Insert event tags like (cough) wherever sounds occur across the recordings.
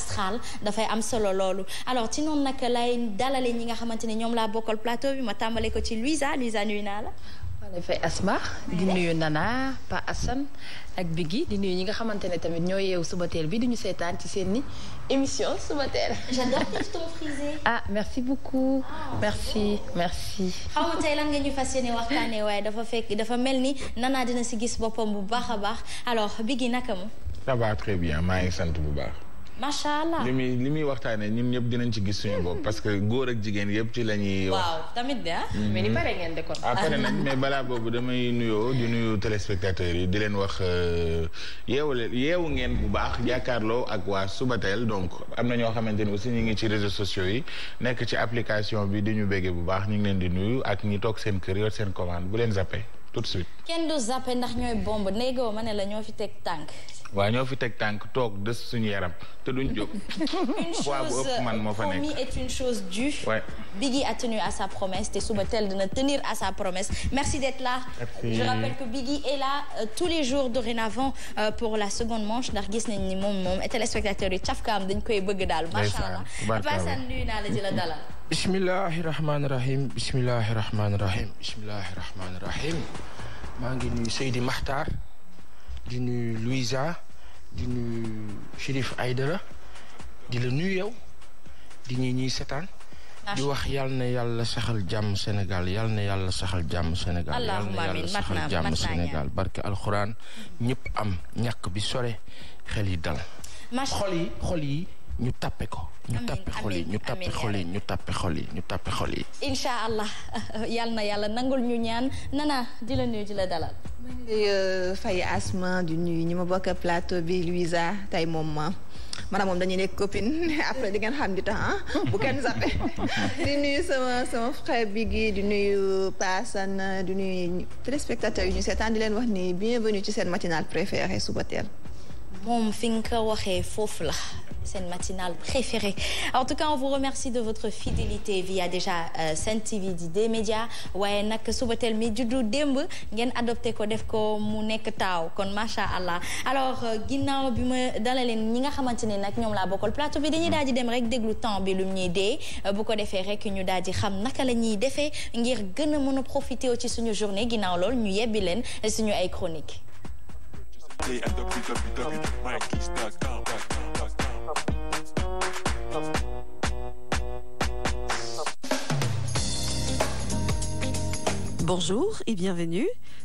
astral dafay am solo loolu alors ci noonu nag lay dalale ñi nga xamante ne ñoom laa bokkal plateau bi ma tàmbale ko ci Luisa Luisa nuyu naa la dafay asma di nuyu Nana Pa Assane ak Biggi di nuyu ñi nga xamante ne tamit ñoo yeewu suba teel bi di ñu seetaan ci seeni émission suba (laughs) ah, merci beaucoup. Ah, merci bon. Oh. merci. tey lan nga ñu fas yéene waxtaanee waaye dafa fekk dafa mel ni Nana dina si gis boppam bu baax a baax alors Biggi naka mu. ça va très bien maa ngi sant bu baax. macha allah li muy li muy waxtaanee ñun ñëpp dinañ ci gis suñu bopp hmm. parce que góor ak jigéen yëpp ci la ñuy wax. waaw tamit de ah. Hmm. mais kon. ah pare mais balaa boobu damay nuyoo di nuyu téléspectateurs yi di leen wax euh, yeewu leen yeewu ngeen bu baax jàkkaarloo ak waa suba teel donc am na ñoo xamante ni aussi ñu ngi ci réseaux sociaux yi nekk ci application bi di ñu béggee bu baax ñu ngi leen di nuyu ak ñi toog seen kër yor seen commande bu leen zappé tout suite. kenn du zappé ndax ñooy bomb néegoo waaw ñoo fi teg tànk toog des suñu yaram te duñ jóg. poids (laughs) bu ëpp man moo fa nekk une chose promis est une chose due. Ouais. Biggie a tenu à sa promesse te suba teel dina tenir à sa promesse merci d'être là. Merci. je rappelle que Biggie est là euh, tous les jours dorénavant euh, pour la seconde manche ndax gis nañ ni moom moom téléspectateur yi cafkaam dañ koy bëgg daal. macha allah Papa nuyu naa la di la dalal. bismillahi rahmaani rahim bismillahi rahmaani rahim bismillahi rahmaani rahim maa ngi nuyu Seydi Makhtar. di nuyu Louisa di nuyu Chérif Aïdara di la nuyu yow di ñuy ñuy setaan di wax yal na yàlla saxal jàmm senegal yal na yàlla saxal jàmm senegal yal na yàlla saxal jàmm Sénégal barke ñëpp am ñàkk bi sore xel yi dal xol yi xol yi ñu tàppe ko ñu tàppe xol yi ñu tàppe xol yi ñu tàppe yi incha allah (laughs) yal na yàlla nangul ñu ñaan nana di la nuyu di la dalal ma euh, fay asma di nuyu ñi ma bokk plateau bi Louisa tey moom ma maanaam moom dañuy nekk copine (laughs) après di ngeen xam di tax ah, bu kenn zappe (laughs) di nuyu sama sama frère bi gi di nuyu Paasan di nuy téléspectateurs yi ñu seetaan di leen wax nii ni bienvenue ci seen matinale préférée suba teel moom fi nga ko waxee foofu la seen matinale préférée en tout cas on vous remercie de votre fidélité via déjà euh, Sen TV di des média waaye nag Subatel mi du démb ngeen adopté ko def ko mu nekk taaw kon macha allah alors euh, ginnaaw bi ma dalaleen ñi nga xamante ne nag ñoom laa bokkal plateau bi dañuy daal di dem rek déglu temps bi lu ñuy dee euh, bu ko defee rek ñu daal di xam naka la ñuy defee ngir gën a mën a profité ci suñu journée ginnaaw lool ñu yebbi leen suñu ay chronique Bonjour et bienvenue.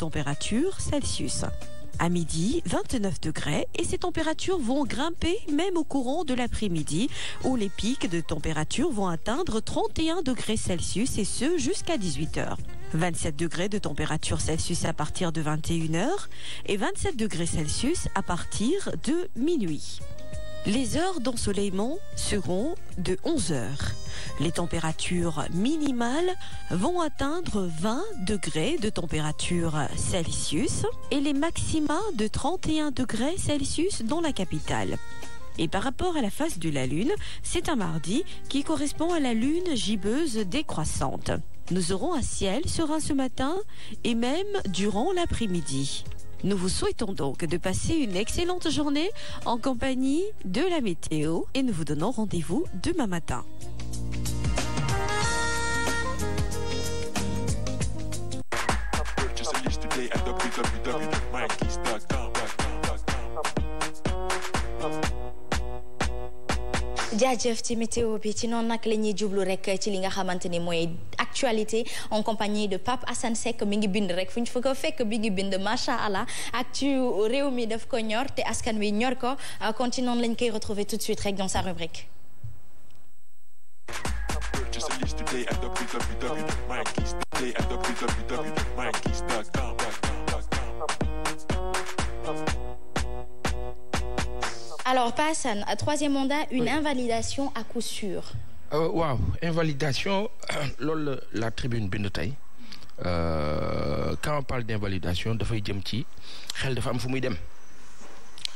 température Celsius. À midi, 29 degrés et ces températures vont grimper même au courant de l'après-midi où les pics de température vont atteindre 31 degrés Celsius et ce jusqu'à 18 heures. 27 degrés de température Celsius à partir à partir de Les heures d'ensoleillement seront de 11 heures. Les températures minimales vont atteindre 20 degrés de température Celsius et les maxima de 31 degrés Celsius dans la capitale. Et par rapport à la face de la Lune, c'est un mardi qui correspond à la Lune gibbeuse décroissante. Nous aurons un ciel serein ce matin et même durant l'après-midi. Nous vous souhaitons donc de passer une excellente journée en compagnie de la météo et nous vous donnons rendez-vous demain matin. jaajëf ci météo bi ci noonu nag la ñuy jublu rek ci li nga xamante ni mooy actualité en compagnie de Pape Assane Seck mi ngi bind rek fu ñu fekk bi ngi bind macha allah actu réew mi def ko ñor te askan wi ñor ko kon ci noonu lañ koy retrouver tout de suite rek dans sa rubrique. alors Pa Assane troisième mandat une invalidation à coup sûr. Euh, waaw invalidation (clears throat) loolu la tribune bind tey euh, quand on parle d'invalidation dafay jëm ci xel dafa am fu muy dem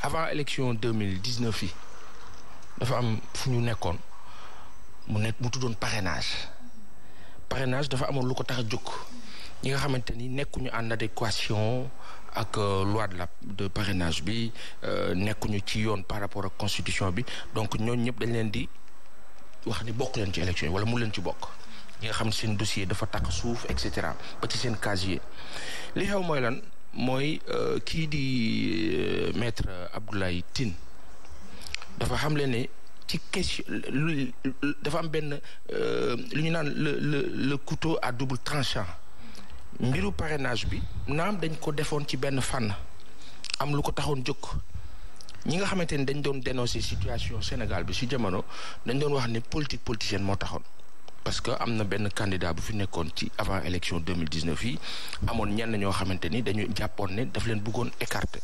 avant élection deux mille dix neuf yi dafa am fu ñu nekkoon mu nekk mu tuddoon parrainage parrainage dafa amoon lu ko tax a jóg ñi nga xamante ni nekkuñu en adéquation ak euh, loi de la de parrainage bi euh, nekkuñu ci yoon par rapport ak constitution bi donc ñooñu ñëpp dañ leen di wax ni bokk leen ci élection yi wala mu leen ci bokk ñi nga xam ne seen dossier dafa takk suuf et cetera ba ci seen casier li xew mooy lan mooy euh, kii di maître Abdoulaye Tine dafa xam leen ne ci question dafa am benn lu ñu naan le le le couteau à double tranchant mbiru parrainage bi naam dañ ko defoon ci benn fànn am lu ko taxoon jóg ñi nga xamante ni dañ doon dénoncer situation Sénégal bi si jamono dañ doon wax ne politique politicienne moo taxoon parce que am na benn candidat bu fi nekkoon ci avant élection 2019 yi amoon ñenn ñoo xamante ni dañu jàppoon ne daf leen bëggoon écarter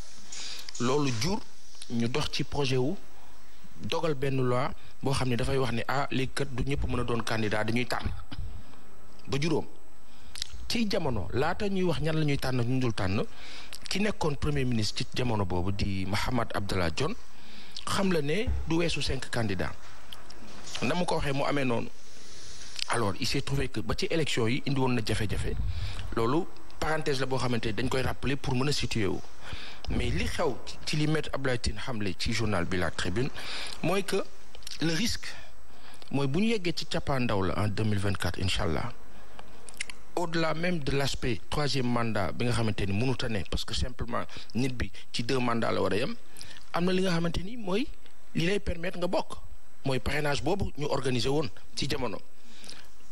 loolu jur ñu dox ci projet wu dogal benn loi boo xam ne dafay wax ne ah léegi kat du ñëpp mën a doon candidat dañuy tànn ba juróom ci jamono laata ñuy wax ñan la ñuy tànn ñu dul tànn ki nekkoon premier ministre ci jamono boobu di Mahammed Abdallah Dionne xam la ne du weesu cinq candidats na mu ko waxee mu amee noonu alors il s'est trouvé que ba ci élection yi indi woon na jafe-jafe loolu parenthèse la boo xamante dañ koy rappeler pour mën a situer wu mais li xew ci li maître Abdoulaye Tine xamle ci journal bi La Tribune mooy que le risque mooy bu ñu yeggee ci cappaandaw la en 2024 incha allah au-delà même de l'aspect troisième mandat bi nga xamante ni mënut ne parce que simplement nit bi ci deux mandats la war a yem am na li nga xamante ni mooy li lay permettre nga bokk mooy parrainage boobu ñu organiser woon ci jamono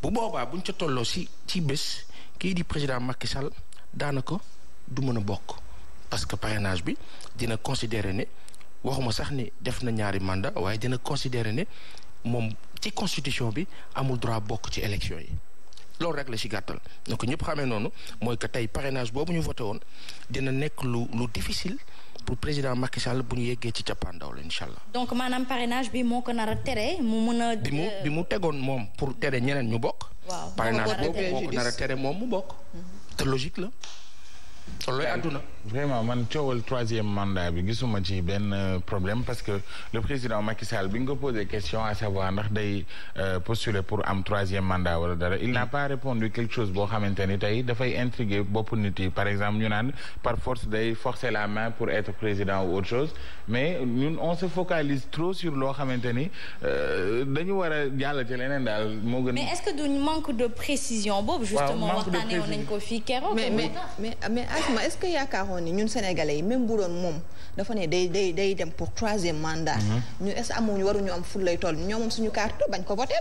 bu boobaa buñ ca tolloo si ci bés kii di président Macky sal daanaka du mën a bokk parce que parrainage bi dina considérer ne waxuma sax ni def na ñaari mandat waaye dina considérer ne moom ci constitution bi amul droit bokk ci élection yi loolu rek la ci gàttal donc ñëpp xamee noonu mooy que tey parrainage boobu ñu voté woon dina nekk lu lu difficile pour président Macky bu ñu yeggee ci cappaandaw la incha allah. donc maanaam parrainage bi moo ko nara a tere mu mën a. bi mu bi mu tegoon moom pour tere ñeneen ñu bokk. waaw parrainage boobu moo ko nar a tere moom mu bokk. Mhm. te logique la. loolu àdduna vraiment man coowal troisième mandat bi gisuma ci benn euh, problème parce que le président Macky bi nga ko posé question à savoir ndax day euh, postuler pour am troisième mandat wala dara il n'a pas répondu quelque chose boo xamante ni tey dafay intriguer bopp nit yi par exemple ñu naan par force day forcer la main pour être président ou autre chose mais ñun on se focalise trop sur loo xamante ni euh, dañu war a jàll ci leneen daal moo gën. mais est-ce que du manque de précision Asma est-ce que yaakaaroon ni ñun sénégalais yi même moom dafa ne day day dem pour troisième mandat. Mhm. ñu est-ce que amuñu waruñu am ful lay toll ñoo moom suñu carte bañ ko voté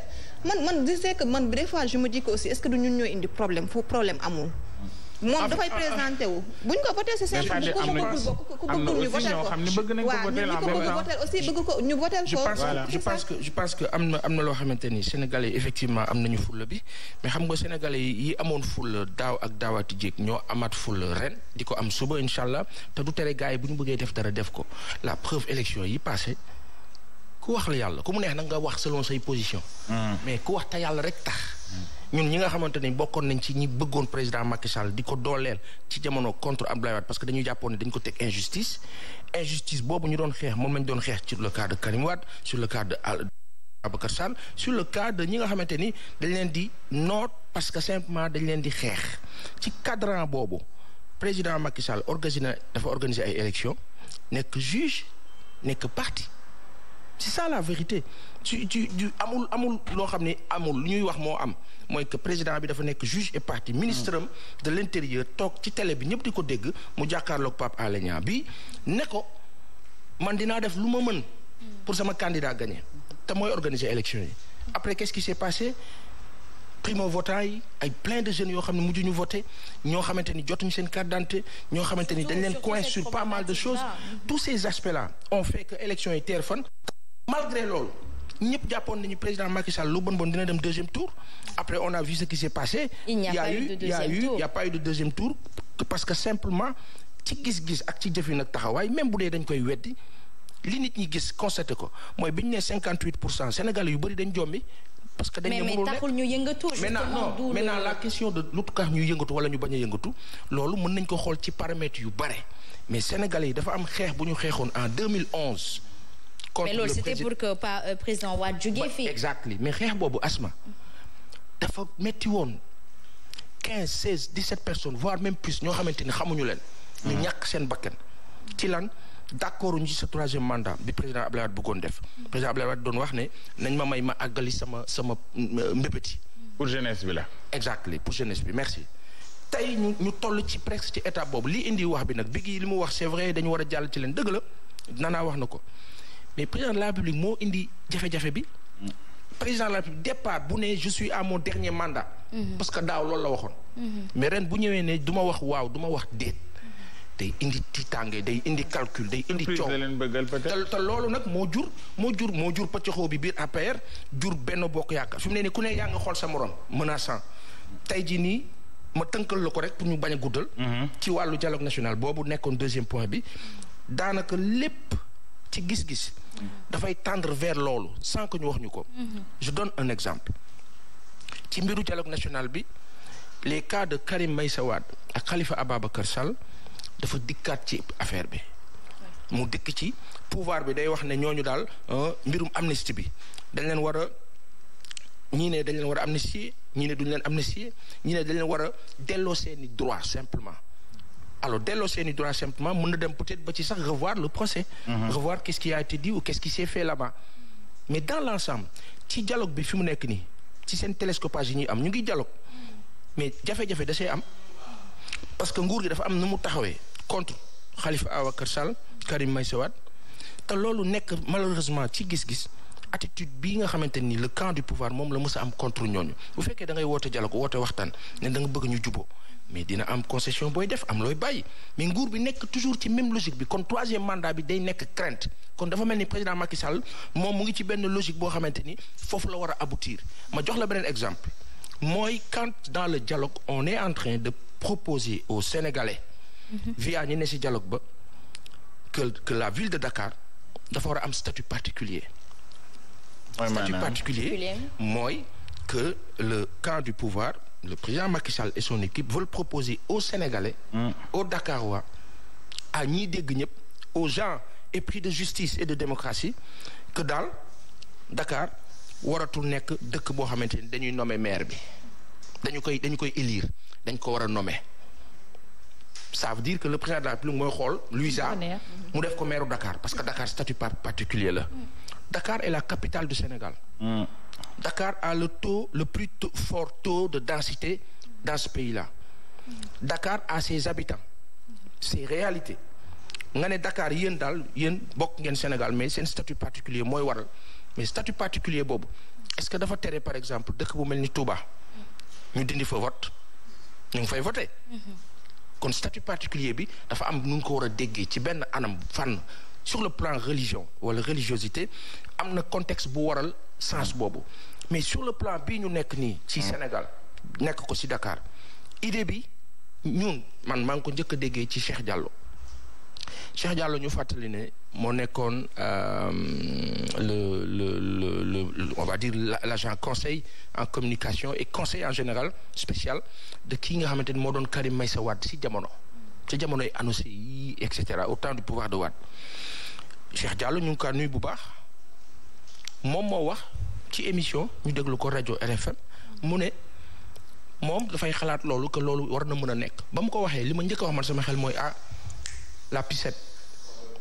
man man je sais que man des fois je me dis que du ñun ñoo indi problème fu problème amul. moom dafay présenté wu. buñ ko voté c'est simple am na bëgg nañ ko voté la en même ñu voté ko. je pense que je pense que am na am na loo xamante ni Sénégalais effectivement am nañu fulla bi mais xam nga Sénégalais yi amoon fulla daaw ak daawaati jéeg ñoo amaat fulla ren di ko am suba incha te du tere gars yi bu ñu bëggee def dara def ko la preuve élection yi passé ku wax la yàlla ku mu neex na nga wax selon say position hmm. mais ku wax te yàlla rek tax. Hmm. ñun ñi nga xamante ni bokkoon nañ ci ñi bëggoon président Macky di ko dooleel ci jamono contre Abdoulaye Wade parce que dañu jàppoon ne dañ ko teg injustice injustice boobu ñu doon xeex moom lañ doon xeex sur le cas de Karim Wade sur le cas de Ababacar Sall sur le cas ñi nga xamante ni dañ leen di noot parce que simplement dañ leen di xeex ci cadran boobu président Macky Sall organisé dafa organiser ay élections nekk juge nekk parti ci ça la vérité ci ci ci amul amul loo xam ne amul lu ñuy wax moo am mooy que président bi dafa nekk juge et parti ministre am de l'intérieur toog ci télé bi ñëpp di ko dégg mu jàkkaarloog Pape Alé Niang bi ne ko man dinaa def lu ma mën pour sama candidat gagner te mooy organiser élection yi après qu'est-ce qui s'est passé primo votant yi ay plein de jeunes yoo xam ne mujjuñu voté ñoo xamante ni jotuñu seen carte d'identité ñoo xamante ni dañ leen coin sur pas mal de choses tous ces aspects là ont fait yi teer malgré loolu ñëpp jàppoon nañu président Macky Sall lu bon bon dina dem deuxième tour après on a vu ce qui s'est passé. il n'y a pas eu de deuxième tour il y a eu de deuxième tour parce que simplement ci gis-gis ak ci jëfin ak taxawaay même bu dee dañ koy weddi li nit ñi gis constaté ko mooy bi ñu nee 58 pour cent Sénégalais yu bëri dañ jombi parce que dañ ne mënul mais taxul ñu yëngatu. maintenant non maintenant ñu yëngatu yëngatu loolu mën nañ ko xool ci paramètres yu bare mais Sénégalais yi dafa am xeex bu ñu xeexoon en 2011. contre mais loolu c'était pour que pas euh, président Wade jugee fii. exactly mais xeex boobu asma dafa metti woon quinze seize dix sept personnes voire même plus ñoo xamante ni xamuñu leen. ñu mm-hmm. ñàkk seen bakken ci lan. d' accord ñu ci sa troisième mandat bi président Abdoulaye Wade bëggoon def mm-hmm. président Abdoulaye Wade doon wax ne nañ ma may ma àggali sama sama euh, mbébét yi. Mm-hmm. pour jeunesse bi la. exactly pour jeunesse bi merci. tey ñu toll ci presque ci état boobu li indi wax bi nag bi gi li mu wax c' est vrai dañu war a jàll ci leen dëgg la nanaa wax na ko mais président de la République moo indi jafe-jafe bi. président de la République départ bu ne je suis à mon dernier mandat. Mhm. parce que daaw loolu la waxoon. Mhm. mais ren bu ñëwee ne duma wax waaw duma wax déet. day indi tiitaange day indi calcul day indi coow te loolu nag moo jur moo jur moo jur pëccëxoo bi biir APR jur benn bokk yaakaar fi mu ne nii ku ne yaa nga xool sa morom menaçant tey jii nii ma tënkal la ko rek pour ñu bañ a guddal mhm. ci wàllu dialogue national boobu nekkoon deuxième point bi daanaka lépp ci dafay tendre vers loolu sans ñu wax ñu ko. Mhm. je donne un exemple ci mbiru dialogue nationale bi les cas de Karim Meïssa Wade ak Khalifa Ababacar sal dafa dikkaat ci affaire bi. mu dikk ci pouvoir bi day wax ne ñooñu daal euh, mbirum amnistie bi dañ leen war a ñii ne dañ leen war a amnistier ñii ne duñ leen amnistier ñii ne dañ leen war a delloo seeni droit simplement. alors delloo seeni i droit simplement mën na dem peut ba ci sax revoir le procès mm -hmm. revoir qu'est-ce qui a été dit ou qu'est-ce fait là-bas mais dans l'ensemble ci dialogue bi fi mu nekk nii ci seen télescopage yi ñuy am ñu ngi dialogue mais jafe-jafe da see am parce que nguur gi dafa am nu mu taxawee contre Khalifa Ababacar Sall Karim Meïssa Wade te loolu nekk malheureusement ci gis-gis attitude bii nga xamante nii le camp du pouvoir moom la mës a am contre ñooñu bu fekkee da ngay woote dialogue woote waxtaan ne da nga bëgg ñu juboo mais dina am concession booy def am looy bàyyi mais nguur bi nekk toujours ci même logique bi kon troisième mandat bi day nekk crainte kon dafa mel ni président Macky Sall moom mu ngi ci benn logique boo xamante ni foofu la war a aboutir ma jox la beneen exemple mooy quand dans le dialogue on est en train de proposer au Sénégalais mhm. via ñi ne si dialogue ba que la ville de Dakar dafa war a am statut particulier statut particulier mooy que le camp du pouvoir le président Macky Sall et son équipe veulent proposer aux Sénégalais, mm. aux Dakarois, à ñiy dégg ñëpp aux gens épris de justice et de démocratie que daal Dakar waratul nekk dëkk boo xamante ni dañuy nommer maire bi dañu koy dañu koy élire dañ ko war a nommer ça dire que le président de la République mooy xool Luisa mu def ko maire Dakar parce que Dakar statut particulier la mm. Dakar est la capitale du Sénégal dakaar mm. Dakar a le taux le plus tôt, fort taux de densité dans ce pays-là. dakaar Dakar a ses habitants ses réalités nga ne dakaar yéen daal yéen mbokk ngeen Sénégal mais seen statut particulier mooy waral mais statut particulier boobu est-ce que dafa tere par exemple dëkk bu mel ni Touba ñu dindi fa vote ñu ngi fay voté mm-hmm. kon statut particulier bi dafa am nu ñu ko war a déggee ci benn anam fànn sur le plan religion wala religiosité am na contexte bu waral sens boobu mais sur le plan bii ñu nekk nii ci hmm. Sénégal nekk ko si Dakar idée bi ñun man maa ngi ko njëkk a déggee ci Cheikh Diallo Cheikh Diallo ñu fàttali ne moo nekkoon euh, le le le le on va dire l'agent conseil en communication et conseil en général spécial de kii nga xamante ni moo doon Karim Meïssa Wade si jamono. ca jamonoy annoncé yi et cetera au temps du pouvoir de Wade Cheikh Diallo ñu ngi kaa nuyu bu baax moom moo wax ci émission ñu déglu ko rajo RFM mu ne moom dafay xalaat loolu que loolu war na mën a nekk ba mu ko waxee li ma njëkka a wax man sama xel mooy ah la piscette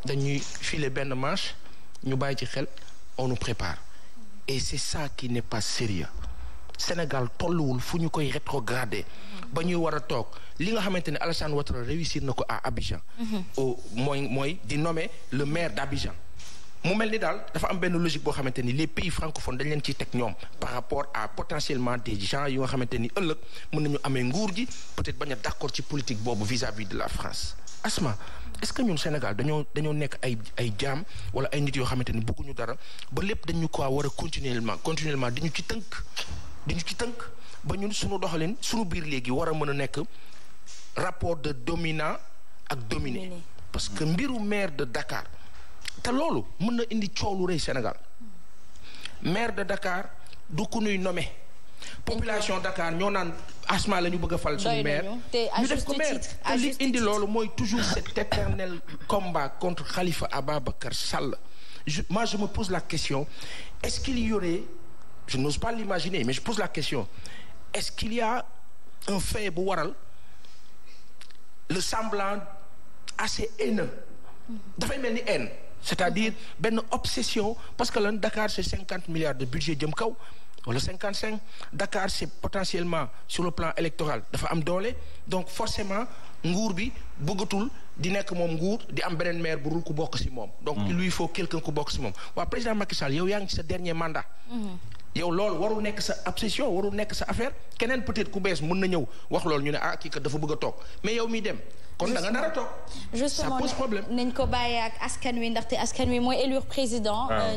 dañuy file benn manche ñu bàyyi ci xel on nous prépare et c'est ça qui n'est pas sérieux Sénégal tolluwul fu ñu koy rétrogradé ba ñuy war a toog li nga xamante ne Alassane Ouattara réussir na ko à Abidjan mhm. mooy mooy di nommer le maire d'Abidjan mu mel ni daal dafa am benn logique boo xamante ni les pays francophones dañ leen ci teg ñoom par rapport à potentiellement des gens yu nga xamante ni ëllëg mën nañu amee nguur gi peut-être bañ a d'accord ci politique boobu vis-à-vis de la France Asma est-ce que ñun Sénégal dañoo dañoo nekk ay jaam wala ay nit yoo xamante ni bëgguñu dara ba lépp dañu ko war a continuellement continuellement di ñu ci tënk di ñu ci tënk ba ñun suñu doxalin suñu biir léegi war a mën a nekk rapport de dominant ak dominé parce que mbiru maire de Dakar te loolu mën na indi coow lu rëy Sénégal maire de Dakar du ku nuy nommé population Dakar ñoo naan asma la ñu bëgg a fal suñu maire ñu def ko indi loolu mooy toujours cet éternel combat contre Khalifa Ababacar Sall je moi je me pose la question est-ce qu'il y aurait je n'ose pas l'imaginer mais je pose la question est-ce qu'il y un fait bu waral le semblant assez haineux dafay mel ni haine c'est-à-dire benn obsession parce que lan Dakar c'est cinquante milliards de budget jëm kaw wala cinquante cinq Dakar c'est potentiellement sur le plan électoral dafa am doole donc forcément nguur bi bëggatul di nekk moom nguur di am beneen maire bu dul ku bokk si moom donc mm. il lui faut quelqu'un ku bokk si moom waaw président Macky Sall yaa ngi sa dernier mandat mm-hmm. yow loolu waru nekk sa obsession warul nekk sa affaire keneen peut-être ku bees mun na ñëw wax lool ñu ne ah kii kat dafa bëgg a toog mais yow miy dem. kon da nga nar a toog. ça pose problème justement nañ ko bàyyi ak askan wi ndaxte askan wi mooy élire président. Ah. Euh,